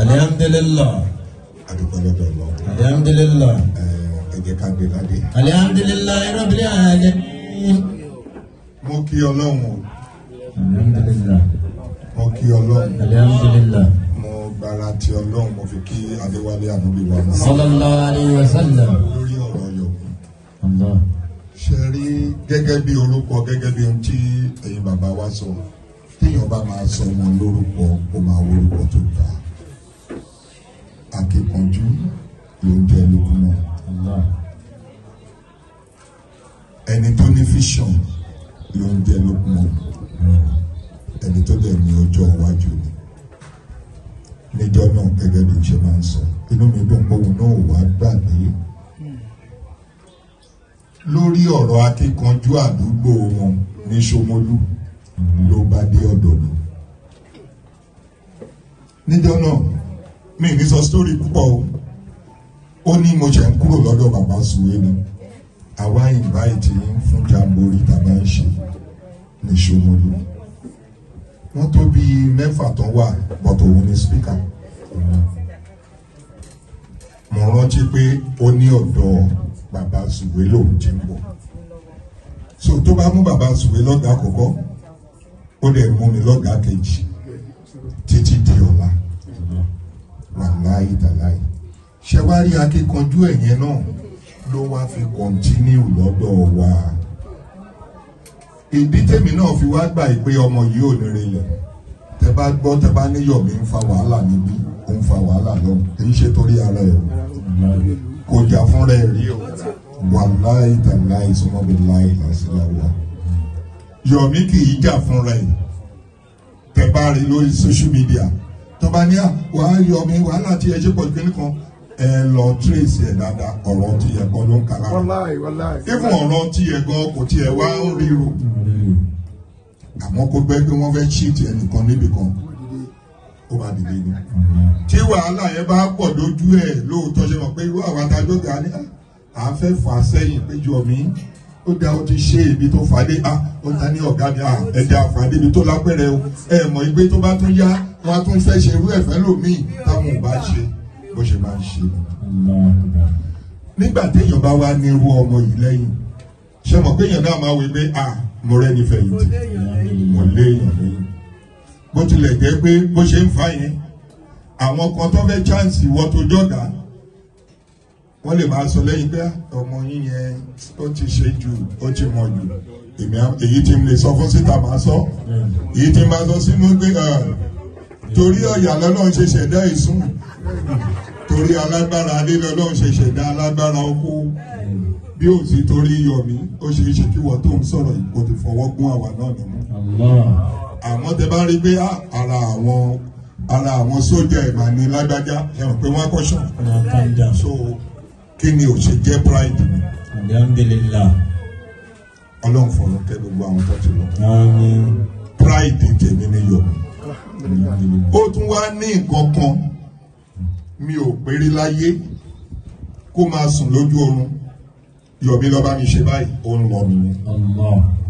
alihamdulilah adúpẹ́lọ́dọ̀ lọ. alihamdulilah ẹ jẹ́ ká gbé ládé. alihamdulilah rabbil alamin. mo kí ọlọ́run o. alihamdulilah. mo kí ọlọ́run. alihamdulilah. mo gbára ti ọlọ́run mo fi kí adéwálé àdúgbò wa. sallallahu alayhi wa lórí ọ̀rọ̀ yọ̀kùn ṣe gẹ́gẹ́ bí orúkọ gẹ́gẹ́ bí ohun tí ẹ̀yin bàbá wa sọ téèyàn máa sọ ọmọ lórúkọ kó máa wọ orúkọ tó dáa ẹni tó ní fíṣàn ló ń jẹ Lókùnmọ́ ẹni tó dẹ̀ ní ọjọ́ iwájú níjọ́ náà gẹ́gẹ́ bí n ṣe máa ń sọ inú mi dùn pé òun náà wàá gbà mí lórí ọ̀rọ̀ akíkanjú àdúgbò wọn ní Ṣómólú ló bá dé ọ̀dọ̀ mi. níjọ́ náà mi ní sọ sítórì púpọ̀ o ó ní mo ṣe ń kúrò lọ́dọ̀ bàbá Suwe ni àwa invite yín fún jamboree tá a bá ń ṣe ní Ṣómólú wọ́n tó bí mẹ́fà tó wà bọ̀tò òun ni speaker mo rántí pé ó ní ọ̀dọ̀ bàbá sùwé lòun ti ń bọ̀ so tó bá mú bàbá sùwé lọ́gàá àkọ́kọ́ ó dẹ̀ mú mi lọ́gàá kejì títí di ọ̀la wàláì tàláì ṣẹ́wárí akíkanjú ẹ̀yẹn náà ló wá fi kọ̀ntínú lọ́dọ̀ wa ìdí tèmi náà fi wá gbà pé ọmọ yìí ò ní relẹ̀ tẹ bá gbọ́ tẹ bá ní yọ̀mí ń fa wàhálà níbí ó ń fa wàhálà lọ kì í ṣe torí ara ẹ̀ kò jà fúnra ẹ̀ rí o wàláì tàláì sọmọbi láì lásìláwà yọ̀mí kì í jà fúnra ẹ̀ tẹ bá rí lórí social media tọ́ba ní à wàá yọ̀mí wàhálà tí ẹ ṣe pọ̀ jù kí ẹ lọ trace ẹ dáadáa ọ̀rọ̀ tí yẹ kọ́ ló ń kàlá. wàláì wàláì. even ọ̀rọ̀ tí yẹ gan kò tiẹ̀ wá ń ríro. àmọ́ kó gbẹ́ pé wọ́n fẹ́ cheat ẹnìkan níbì kan ó máa dìde ni. tí wàhálà yẹn bá pọ̀ lójú ẹ̀ lóòótọ́ ṣe mọ̀ pé irú àwọn adájọ́ ga ni ah, à ń fẹ́ fà sẹ́yìn péjọ mi ó dá o ti ṣe ibi tó fàdé a ah, ó ta ní ọ̀gá mi à ah, ẹ̀dá àfàdé ibi tó lápẹ̀rẹ̀ o ẹ̀ mọ̀ ìgbé tó bá tún yá wọn á tún fẹ́ ṣerú ẹ̀fẹ́ lòmíì táwọn ò bá ṣe bó ṣe máa ń ṣe nígbà téèyàn bá wá ní irú ọmọ yìí lẹ́yìn ṣe mọ̀ pé èèyàn náà máa wí pé à mo rẹ́ni fẹ̀yìntì mo léèyàn lẹ́yìn bó tilẹ̀ jẹ́ pé bó ṣe ń fa yẹn àwọn kan tó fẹ́ chance ìwọ tó jọ̀dá wọ́n lè máa sọ lẹ́yìn pé ọmọ yín yẹn ó ti ṣe jù ó ti mọ̀ jù èyí tí mo lè sọ fún síta máa sọ èyí tí máa sọ sínú pé torí ọ̀yà lọ́nà ṣe ṣẹ̀dá ìsún torí alágbára adé lọ́lọ́run ṣe ṣẹ̀dá alágbára okó bí ò sí torí yọ̀mí ó ṣe é ṣe kí wọ́n tó ń sọ̀rọ̀ ìpò ti fọwọ́ gún àwa náà nínú. àmọ́ tẹ bá rí pé ah, ara àwọn ara àwọn sójà ìmà ní lágbájá ẹ mọ̀ pé wọ́n á kọ́ṣọ́. so kí ni ò ṣe jẹ́ pride. alhamdulilah. ọlọ́run fọ̀rọ̀ tẹ gbogbo àwọn tó ti lọ. pride tèmi ni yọ̀mí. ó tún wá ní nǹkan kan mi ò péré láyé kó máa sùn lójú oorun yọ̀bí lọ bá mi ṣe báyìí ó ń lọ nìyẹn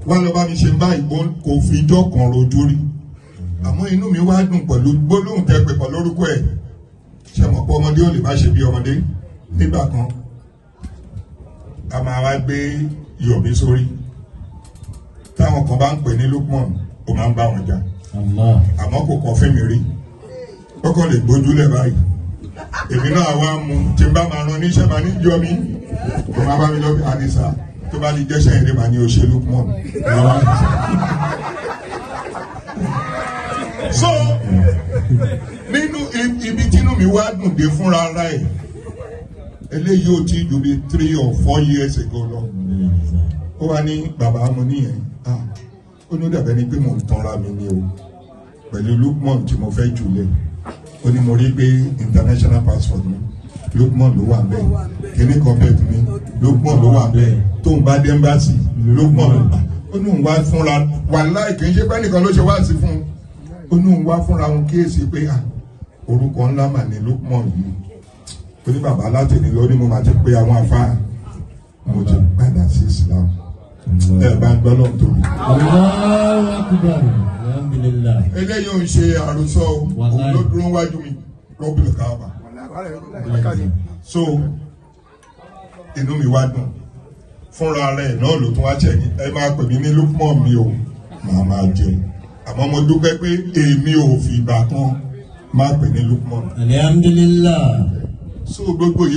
wá lọ bá mi ṣe báyìí kò fi ijọ́ kan rojú rí àmọ́ inú mi wá dùn pẹ̀lú gbólóhùn tẹ́pẹ́ pọ̀ lórúkọ ẹ̀ ṣe mọ̀ pé ọmọdé ò lè má ṣe bí ọmọdé nígbà kan a máa wá gbé yọ̀bí sórí táwọn kan bá ń pè ní Lukman ó máa ń bá wọn jà àmọ́ kò kọ́ fún mi rí ó lè gbójúlẹ̀ báyìí èmi náà wá mu tí n bá máa ran níṣẹ́ máa ní yọ mí kò máa bá mi lọ bí àdìsá tó bá ní jẹ́sẹ̀ yẹn lè máa ní òṣèlú mọ́ lọ́wọ́ àdìsá. so nínú ibi tínú mi wá dùn dé fúnra ara ẹ̀ eléyìí ò tí ju bí three or four years ago lọ ó wá ní bàbá mo níyẹn ó ní ó dàbẹ́ ni pé mò ń tanra mi ni o pẹ̀lú Lukman tí mo fẹ́ jù lẹ́yìn ó ní mo international passport mi Lukman ló wà bẹ́ẹ̀ kíní kan bẹ́ẹ̀ tún mi Lukman ló wà bẹ́ẹ̀ tóun bá dé ẹ́mbáàsì Lukman ló wà ó ní òun wá fúnra wàláì kì í ṣe pé nìkan ló ṣe wá sí fún un ó ní òun wá fúnra òun kíyèsí pé à ah, orúkọ ńlá mà ní Lukman yìí ó ní bàbá láti ní mo máa ti pé àwọn afá mo ti padà sí Islam ẹ bá gbọ́ lọ́n tóbi alhamdulilayi. eléyìí ò ń ṣe àròsọ o òun ló dúró wájú mi rọ́bìlì káwà. so inu mi wá dùn fúnra rẹ̀ náà ló tún wá jẹ́ ní ẹ máa pè mí ní lukman mi o màá máa jẹun àmọ́ mo dúpẹ́ pé èmi ò fi ìgbà kan máa pè ní lukman. alhamdulilayi. so gbogbo yìí.